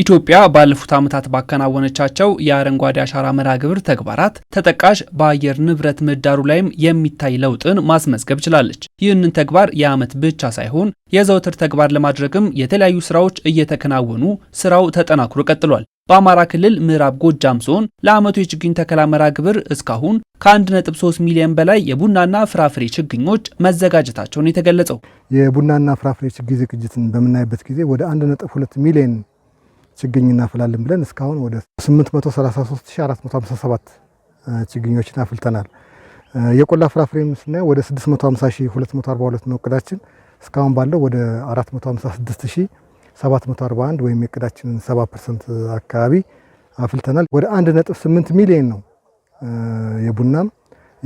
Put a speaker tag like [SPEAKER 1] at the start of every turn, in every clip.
[SPEAKER 1] ኢትዮጵያ ባለፉት ዓመታት ባከናወነቻቸው የአረንጓዴ አሻራ መርሃ ግብር ተግባራት ተጠቃሽ በአየር ንብረት ምህዳሩ ላይም የሚታይ ለውጥን ማስመዝገብ ችላለች። ይህንን ተግባር የዓመት ብቻ ሳይሆን የዘውትር ተግባር ለማድረግም የተለያዩ ስራዎች እየተከናወኑ ስራው ተጠናክሮ ቀጥሏል። በአማራ ክልል ምዕራብ ጎጃም ዞን ለዓመቱ የችግኝ ተከላ መርሃ ግብር እስካሁን ከ1.3 ሚሊዮን በላይ የቡናና ፍራፍሬ ችግኞች መዘጋጀታቸውን የተገለጸው
[SPEAKER 2] የቡናና ፍራፍሬ ችግኝ ዝግጅትን በምናይበት ጊዜ ወደ 1.2 ሚሊዮን ችግኝ እናፍላለን ብለን እስካሁን ወደ 833457 ችግኞችን አፍልተናል። የቆላ ፍራፍሬም ስናየ ወደ 650242 ነው እቅዳችን። እስካሁን ባለው ወደ 456741 ወይም የእቅዳችንን 7 ፐርሰንት አካባቢ አፍልተናል። ወደ 1.8 ሚሊዮን ነው የቡናም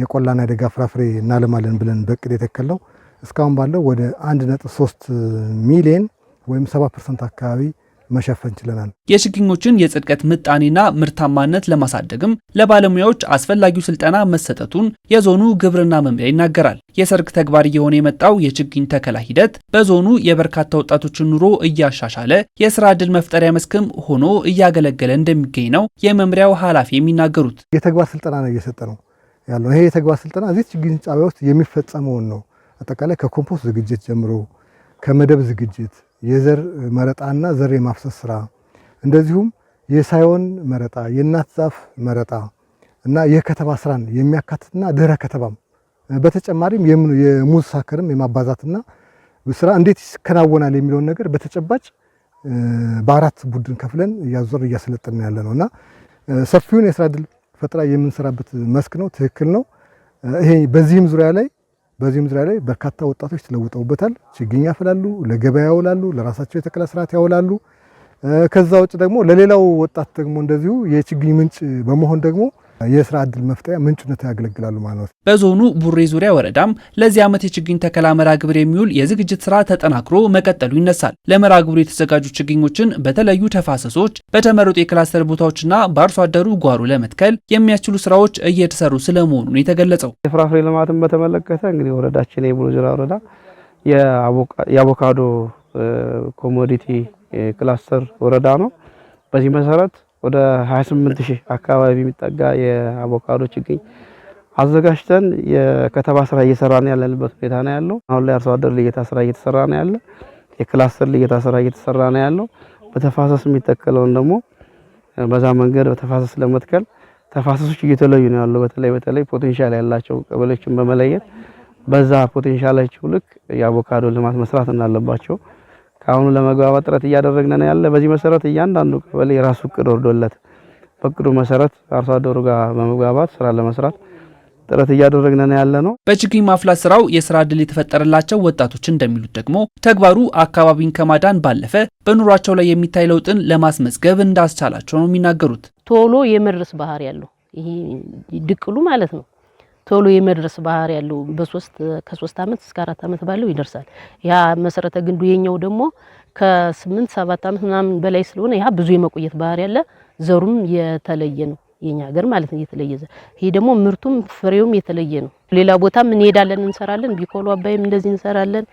[SPEAKER 2] የቆላና የደጋ ፍራፍሬ እናለማለን ብለን በእቅድ የተከለው እስካሁን ባለው ወደ 1.3 ሚሊዮን ወይም 7 ፐርሰንት አካባቢ መሸፈን ችለናል።
[SPEAKER 1] የችግኞችን የጽድቀት ምጣኔና ምርታማነት ለማሳደግም ለባለሙያዎች አስፈላጊው ስልጠና መሰጠቱን የዞኑ ግብርና መምሪያ ይናገራል። የሰርግ ተግባር እየሆነ የመጣው የችግኝ ተከላ ሂደት በዞኑ የበርካታ ወጣቶችን ኑሮ እያሻሻለ የስራ ዕድል መፍጠሪያ መስክም ሆኖ እያገለገለ እንደሚገኝ ነው የመምሪያው ኃላፊ የሚናገሩት።
[SPEAKER 2] የተግባር ስልጠና ነው እየሰጠ ነው ያለው። ይሄ የተግባር ስልጠና እዚህ ችግኝ ጣቢያ ውስጥ የሚፈጸመውን ነው። አጠቃላይ ከኮምፖስት ዝግጅት ጀምሮ ከመደብ ዝግጅት የዘር መረጣና ዘር የማፍሰስ ስራ እንደዚሁም የሳዮን መረጣ፣ የእናት ዛፍ መረጣ እና የከተባ ስራን የሚያካትትና ድህረ ከተባም በተጨማሪም የሙዝ ሳከርም የማባዛትና ስራ እንዴት ይከናወናል የሚለውን ነገር በተጨባጭ በአራት ቡድን ከፍለን እያዞር እያሰለጠን ያለ ነው እና ሰፊውን የስራ እድል ፈጠራ የምንሰራበት መስክ ነው። ትክክል ነው። ይሄ በዚህም ዙሪያ ላይ በዚህ ምድር ላይ በርካታ ወጣቶች ተለውጠውበታል። ችግኝ ያፈላሉ፣ ለገበያ ያውላሉ፣ ለራሳቸው የተክላ ስርዓት ያውላሉ። ከዛ ውጭ ደግሞ ለሌላው ወጣት ደግሞ እንደዚሁ የችግኝ ምንጭ በመሆን ደግሞ የስራ እድል መፍጠያ ምንጭነት ያገለግላሉ ማለት ነው።
[SPEAKER 1] በዞኑ ቡሬ ዙሪያ ወረዳም ለዚህ ዓመት የችግኝ ተከላ መርሃ ግብር የሚውል የዝግጅት ስራ ተጠናክሮ መቀጠሉ ይነሳል። ለመርሃ ግብሩ የተዘጋጁ ችግኞችን በተለዩ ተፋሰሶች በተመረጡ የክላስተር ቦታዎችና በአርሶ አደሩ ጓሮ ለመትከል የሚያስችሉ ስራዎች እየተሰሩ ስለመሆኑን የተገለጸው
[SPEAKER 3] የፍራፍሬ ልማትን በተመለከተ እንግዲህ ወረዳችን የቡሬ ዙሪያ ወረዳ የአቮካዶ ኮሞዲቲ ክላስተር ወረዳ ነው። በዚህ መሰረት ወደ 28 ሺህ አካባቢ የሚጠጋ የአቮካዶ ችግኝ አዘጋጅተን የከተባ ስራ እየሰራን ያለንበት ሁኔታ ነው ያለው። አሁን ላይ አርሶ አደር ልየታ ስራ እየተሰራ ነው ያለ። የክላስተር ልየታ ስራ እየተሰራ ነው ያለው። በተፋሰስ የሚተከለውን ደግሞ በዛ መንገድ በተፋሰስ ለመትከል ተፋሰሶች እየተለዩ ነው ያለው። በተለይ በተለይ ፖቴንሻል ያላቸው ቀበሌዎችን በመለየት በዛ ፖቴንሻላቸው ልክ የአቮካዶ ልማት መስራት እንዳለባቸው ከአሁኑ ለመግባባት ጥረት እያደረግን ነው ያለ። በዚህ መሰረት እያንዳንዱ ቀበሌ የራሱ እቅድ ወርዶለት መሰረት አርሶ አደሩ ጋር በመግባባት ስራ ለመስራት ጥረት እያደረግን ነው ያለ ነው።
[SPEAKER 1] በችግኝ ማፍላት ስራው የስራ እድል የተፈጠረላቸው ወጣቶች እንደሚሉት ደግሞ ተግባሩ አካባቢን ከማዳን ባለፈ በኑሯቸው ላይ የሚታይ ለውጥን ለማስመዝገብ እንዳስቻላቸው ነው የሚናገሩት።
[SPEAKER 4] ቶሎ የመድረስ ባህሪ ያለው ይሄ ድቅሉ ማለት ነው ቶሎ የመድረስ ባህሪ ያለው በሶስት ከሶስት አመት እስከ አራት አመት ባለው ይደርሳል። ያ መሰረተ ግንዱ የኛው ደግሞ ከስምንት ሰባት አመት ምናምን በላይ ስለሆነ ያ ብዙ የመቆየት ባህሪ ያለ ዘሩም የተለየ ነው። የኛ ሀገር ማለት ነው የተለየ ይሄ ደግሞ ምርቱም ፍሬውም የተለየ ነው። ሌላ ቦታም እንሄዳለን እንሰራለን። ቢኮሎ አባይም እንደዚህ እንሰራለን።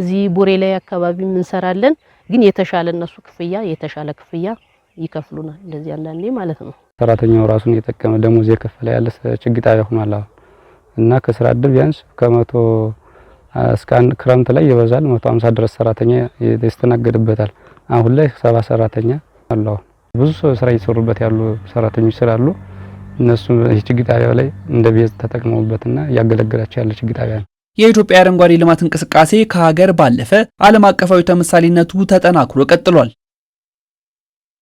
[SPEAKER 4] እዚህ ቡሬ ላይ አካባቢም እንሰራለን። ግን የተሻለ እነሱ ክፍያ የተሻለ ክፍያ ይከፍሉናል። እንደዚህ አንዳንዴ ማለት ነው
[SPEAKER 5] ሰራተኛው ራሱን የጠቀመ ደሞዝ የከፈለ ያለ ችግር ጣቢያ ሆኗል አሁን እና ከስራ እድል ቢያንስ ከመቶ እስከ አንድ ክረምት ላይ ይበዛል መቶ ሃምሳ ድረስ ሰራተኛ ይስተናገድበታል። አሁን ላይ ሰባ ሰራተኛ አለው። ብዙ ስራ እየሰሩበት ያሉ ሰራተኞች ስላሉ እነሱ ችግር ጣቢያ ላይ እንደ ቤዝ ተጠቅመውበትና እያገለገላቸው ያለ ችግር ጣቢያ ነው።
[SPEAKER 1] የኢትዮጵያ አረንጓዴ ልማት እንቅስቃሴ ከሀገር ባለፈ ዓለም አቀፋዊ ተምሳሌነቱ ተጠናክሮ ቀጥሏል።